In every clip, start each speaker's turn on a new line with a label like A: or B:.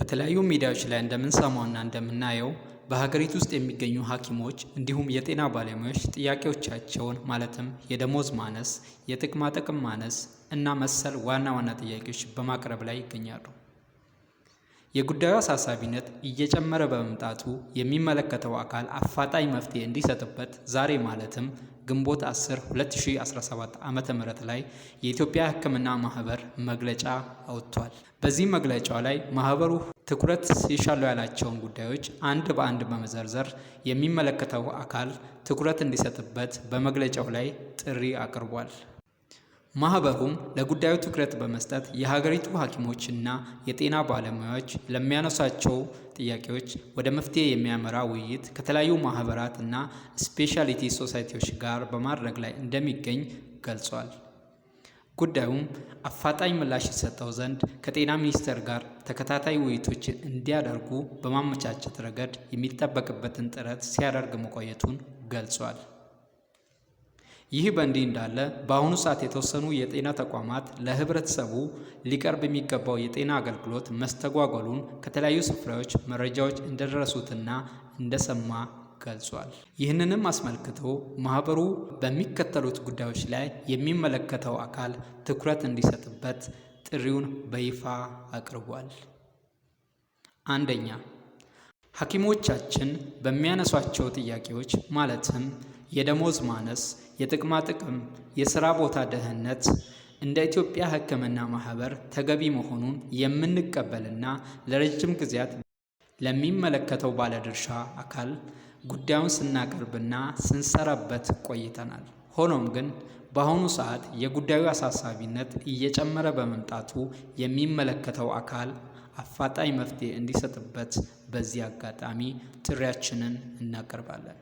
A: በተለያዩ ሚዲያዎች ላይ እንደምንሰማውና እንደምናየው በሀገሪቱ ውስጥ የሚገኙ ሐኪሞች እንዲሁም የጤና ባለሙያዎች ጥያቄዎቻቸውን ማለትም የደሞዝ ማነስ፣ የጥቅማጥቅም ማነስ እና መሰል ዋና ዋና ጥያቄዎች በማቅረብ ላይ ይገኛሉ። የጉዳዩ አሳሳቢነት እየጨመረ በመምጣቱ የሚመለከተው አካል አፋጣኝ መፍትሄ እንዲሰጥበት ዛሬ ማለትም ግንቦት 10 2017 ዓ ም ላይ የኢትዮጵያ ሕክምና ማህበር መግለጫ አውጥቷል። በዚህ መግለጫው ላይ ማህበሩ ትኩረት ይሻሉ ያላቸውን ጉዳዮች አንድ በአንድ በመዘርዘር የሚመለከተው አካል ትኩረት እንዲሰጥበት በመግለጫው ላይ ጥሪ አቅርቧል። ማህበሩም ለጉዳዩ ትኩረት በመስጠት የሀገሪቱ ሐኪሞችና የጤና ባለሙያዎች ለሚያነሷቸው ጥያቄዎች ወደ መፍትሄ የሚያመራ ውይይት ከተለያዩ ማህበራት እና ስፔሻሊቲ ሶሳይቲዎች ጋር በማድረግ ላይ እንደሚገኝ ገልጿል። ጉዳዩም አፋጣኝ ምላሽ ይሰጠው ዘንድ ከጤና ሚኒስቴር ጋር ተከታታይ ውይይቶችን እንዲያደርጉ በማመቻቸት ረገድ የሚጠበቅበትን ጥረት ሲያደርግ መቆየቱን ገልጿል። ይህ በእንዲህ እንዳለ በአሁኑ ሰዓት የተወሰኑ የጤና ተቋማት ለህብረተሰቡ ሊቀርብ የሚገባው የጤና አገልግሎት መስተጓጎሉን ከተለያዩ ስፍራዎች መረጃዎች እንደደረሱትና እንደሰማ ገልጿል። ይህንንም አስመልክቶ ማህበሩ በሚከተሉት ጉዳዮች ላይ የሚመለከተው አካል ትኩረት እንዲሰጥበት ጥሪውን በይፋ አቅርቧል። አንደኛ፣ ሐኪሞቻችን በሚያነሷቸው ጥያቄዎች ማለትም የደሞዝ ማነስ፣ የጥቅማ ጥቅም፣ የስራ ቦታ ደህንነት እንደ ኢትዮጵያ ሕክምና ማህበር ተገቢ መሆኑን የምንቀበልና ለረጅም ጊዜያት ለሚመለከተው ባለድርሻ አካል ጉዳዩን ስናቀርብና ስንሰራበት ቆይተናል። ሆኖም ግን በአሁኑ ሰዓት የጉዳዩ አሳሳቢነት እየጨመረ በመምጣቱ የሚመለከተው አካል አፋጣኝ መፍትሄ እንዲሰጥበት በዚህ አጋጣሚ ጥሪያችንን እናቀርባለን።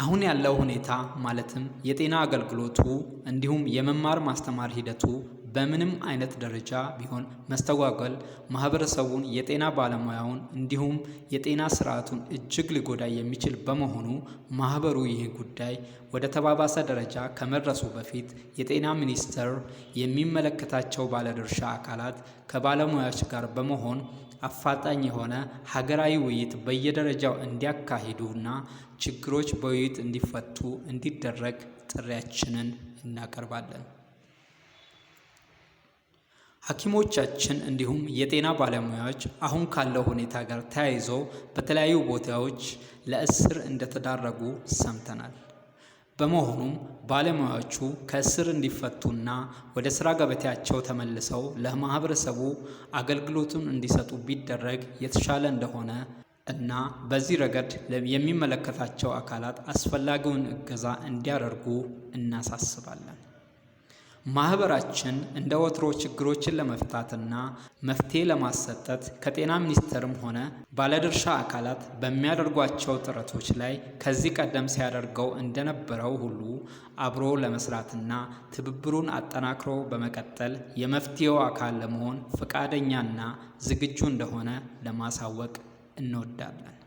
A: አሁን ያለው ሁኔታ ማለትም የጤና አገልግሎቱ እንዲሁም የመማር ማስተማር ሂደቱ በምንም አይነት ደረጃ ቢሆን መስተጓጎል ማህበረሰቡን፣ የጤና ባለሙያውን እንዲሁም የጤና ስርዓቱን እጅግ ሊጎዳ የሚችል በመሆኑ ማህበሩ ይህ ጉዳይ ወደ ተባባሰ ደረጃ ከመድረሱ በፊት የጤና ሚኒስቴር የሚመለከታቸው ባለድርሻ አካላት ከባለሙያዎች ጋር በመሆን አፋጣኝ የሆነ ሀገራዊ ውይይት በየደረጃው እንዲያካሂዱና ችግሮች በውይይት እንዲፈቱ እንዲደረግ ጥሪያችንን እናቀርባለን። ሐኪሞቻችን እንዲሁም የጤና ባለሙያዎች አሁን ካለው ሁኔታ ጋር ተያይዞ በተለያዩ ቦታዎች ለእስር እንደተዳረጉ ሰምተናል። በመሆኑም ባለሙያዎቹ ከእስር እንዲፈቱና ወደ ስራ ገበታቸው ተመልሰው ለማህበረሰቡ አገልግሎቱን እንዲሰጡ ቢደረግ የተሻለ እንደሆነ እና በዚህ ረገድ የሚመለከታቸው አካላት አስፈላጊውን እገዛ እንዲያደርጉ እናሳስባለን። ማህበራችን እንደ ወትሮ ችግሮችን ለመፍታትና መፍትሄ ለማሰጠት ከጤና ሚኒስቴርም ሆነ ባለድርሻ አካላት በሚያደርጓቸው ጥረቶች ላይ ከዚህ ቀደም ሲያደርገው እንደነበረው ሁሉ አብሮ ለመስራትና ትብብሩን አጠናክሮ በመቀጠል የመፍትሄው አካል ለመሆን ፈቃደኛና ዝግጁ እንደሆነ ለማሳወቅ እንወዳለን።